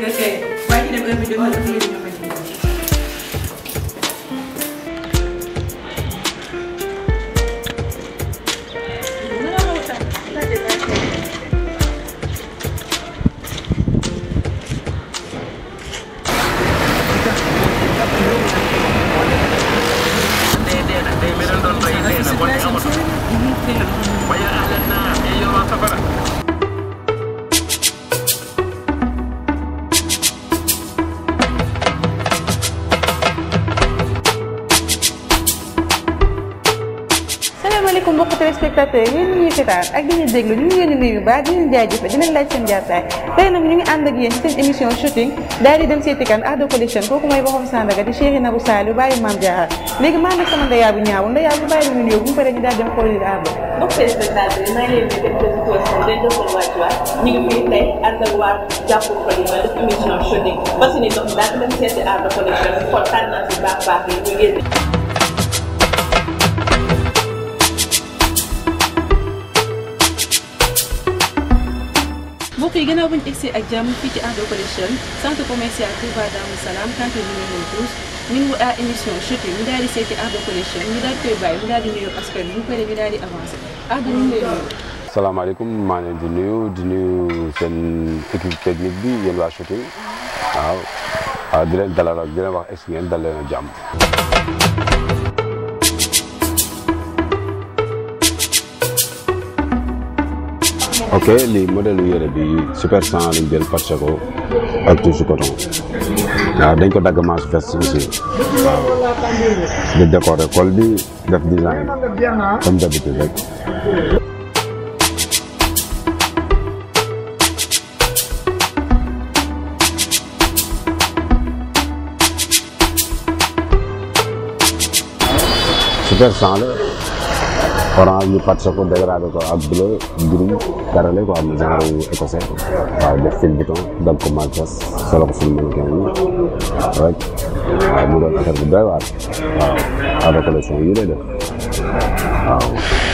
dëgg kay waaye ci dem heure bi déglu asalaamaaleykum mbokk téléspectateurs yéen ñi ñuy seetaan ak di ñu déglu ñu ngi leen léegi maa ngi sama ndeyaa bu ñaaw ndeyaa bu bàyyi bu ñu bu mu paree ñu daal dem xool yi Ardo mbokk téléspectateurs yi maa ngi leen di def présentation day jokkal wàccuwaay ñu ngi fii tey ànd ak waa jàpp ko li ma def émission shooting parce que ni dox daal dem seeti Ardo Collection xool mbokk yi gannaaw ba ñu ak jàmm fii ci Ardo Collection centre commercial Touba Darou Salam cantine numéro 12 ñu ngi à émission chute ñu daal di seeti Ardo Collection ñu daal di koy bàyyi mu daal di nuyu askan bi ñu paree ñu daal di avancé Ardo ñu ngi lay nuyu. salaamaaleykum maa ngi leen di nuyu di nuyu seen équipe technique bi yéen waa shooting waaw waaw di leen dalal di leen wax est-ce que ngeen dal leen a jàmm. ok lii modèle lu yére bi super 100 lañ jël parce que ak tuuti coton waaw dañ ko dagg manche veste aussi waaw di def design comme d'habitude rek. orange ñu pàcc ko dégradé ko ak bleu gris carrelé quoi am genre écossais waaw def fil bouton dagg ko manchas solo ko suñu mannequin yi rek waaw mu doon affaire bu doy waar waaw aada collection yi lay def waaw